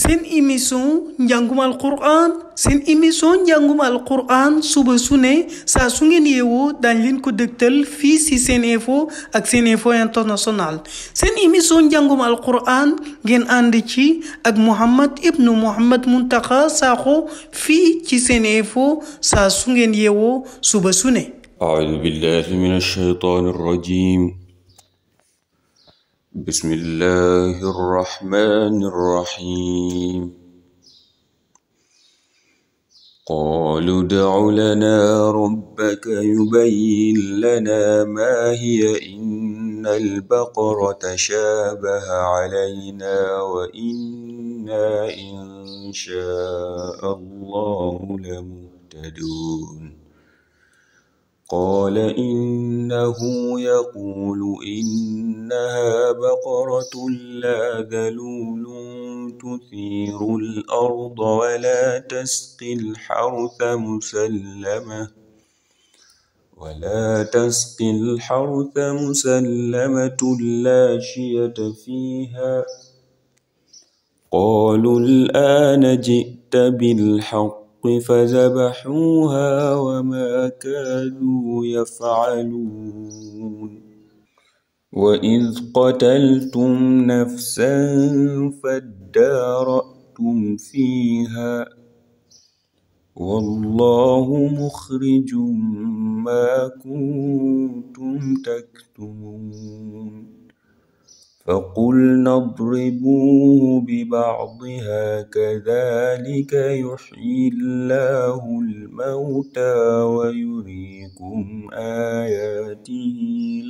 seen émission njàngum alquran seen émission njàngum alquran suba su ne saa su ngeen yeewoo daañ leen ko dëgtal fii si seen info ak seen info international seen émission njàngum alquran ngeen ànd ci ak Mouhamed ibnu Mouhamed Mountakha Sakho fii ci seen info saa su ngeen yeewoo suba su ne. aoudu billahi min alcheytaan arrajim bismillahi irrahmani irrahim qaalu da'u lanaa rabbaka yubayyin lanaa maa hiya inna al-baqara tashaabaha alaynaa wa innaa in shaa Allahu lamuhtaduun قال إنه يقول إنها بقرة لا ذلول تثير الأرض ولا تسقي الحرث مسلمة ولا تسقي الحرث مسلمة لا شية فيها قالوا الآن جئت بالحق الحق فذبحوها وما كانوا يفعلون وإذ قتلتم نفسا فادارأتم فيها والله مخرج ما كنتم تكتمون فقلنا اضربوه ببعضها كذلك يحيي الله الموتى ويريكم آياته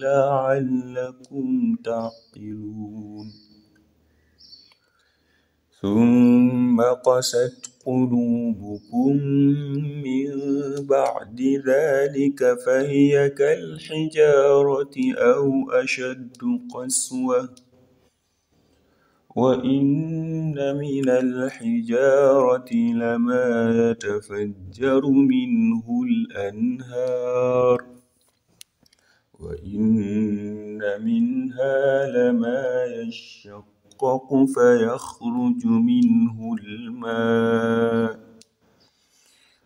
لعلكم تعقلون ثم قست قلوبكم من بعد ذلك فهي كالحجارة أو أشد قسوةً وإن من الحجارة لما يتفجر منه الأنهار وإن منها لما يشقق فيخرج منه الماء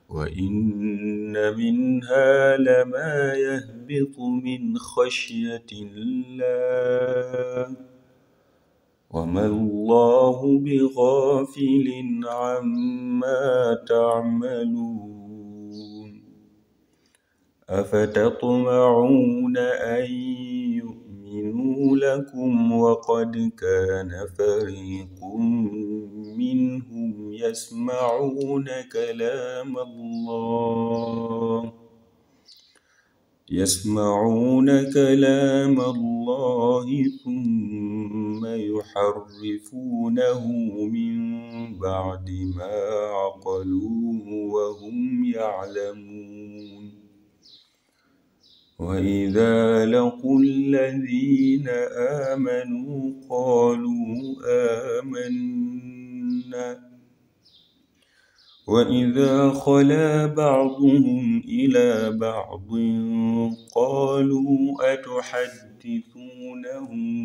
وإن منها لما يهبط من خشية الله وما الله بغافل عما تعملون أفتطمعون أن يؤمنوا لكم وقد كان فريق منهم يسمعون كلام الله يسمعون كلام الله ثم يحرفونه من بعد ما عقلوه وهم يعلمون وإذا لقوا الذين آمنوا قالوا آمنا وإذا خلا بعضهم إلى بعض قالوا أتحدثونهم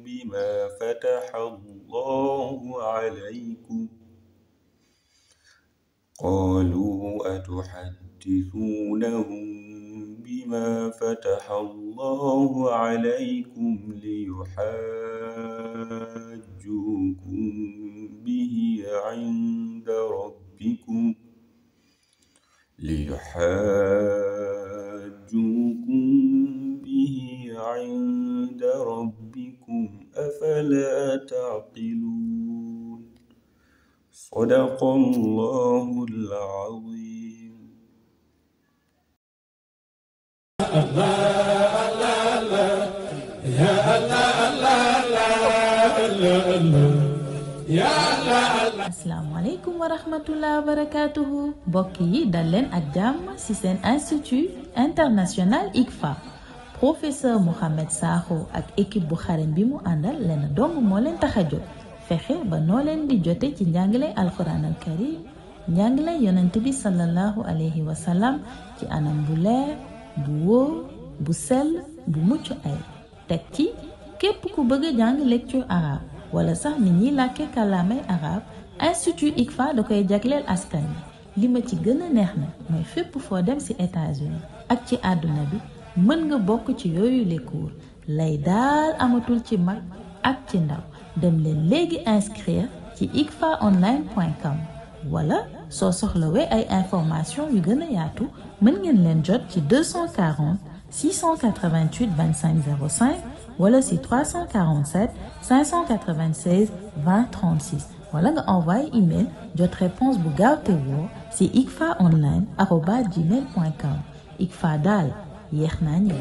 بما فتح الله عليكم قالوا أتحدثونهم بما فتح الله عليكم ليحاجوكم يحاجوكم به عند ربكم أفلا تعقلون صدق الله العظيم الله الله الله يا الله الله الله الله asalaamaaleykum wa rahmatullah wa barakatuhu mbokk yi dal leen ak jàmm ci seen institut international ICFA professeur Mouhamed Sakho ak ékip bu xarañ bi mu àndal leen dong moo leen tax a fexe ba noo leen di jote ci njàngilay alquran al karim njàngilay yonent bi sallallahu alayhi wa sallam ci anam bu leer bu wóor bu sell bu mucc ay teg ci képp ku bëgg a jàng lecture arabe wala sax nit ñi làkkee kàllaamay arab institut ICFA da koy jagleel askan li ma ci gën a neex na mooy fépp foo dem ci États-Unis ak ci àdduna bi mën nga bokk ci yooyu les cours lay daal amatul ci mag ak ci ndaw dem leen léegi inscrire ci icfaonline.com wala soo soxla soxlawee ay information yu gën a yaatu mën ngeen leen jot ci 240 688 25 05 wala si 347 596 20 36 wala nga envoyé email jot réponse bu gaaw te woo si ikfa online arobas gmail point com ikfa daal yéex naa ñëw.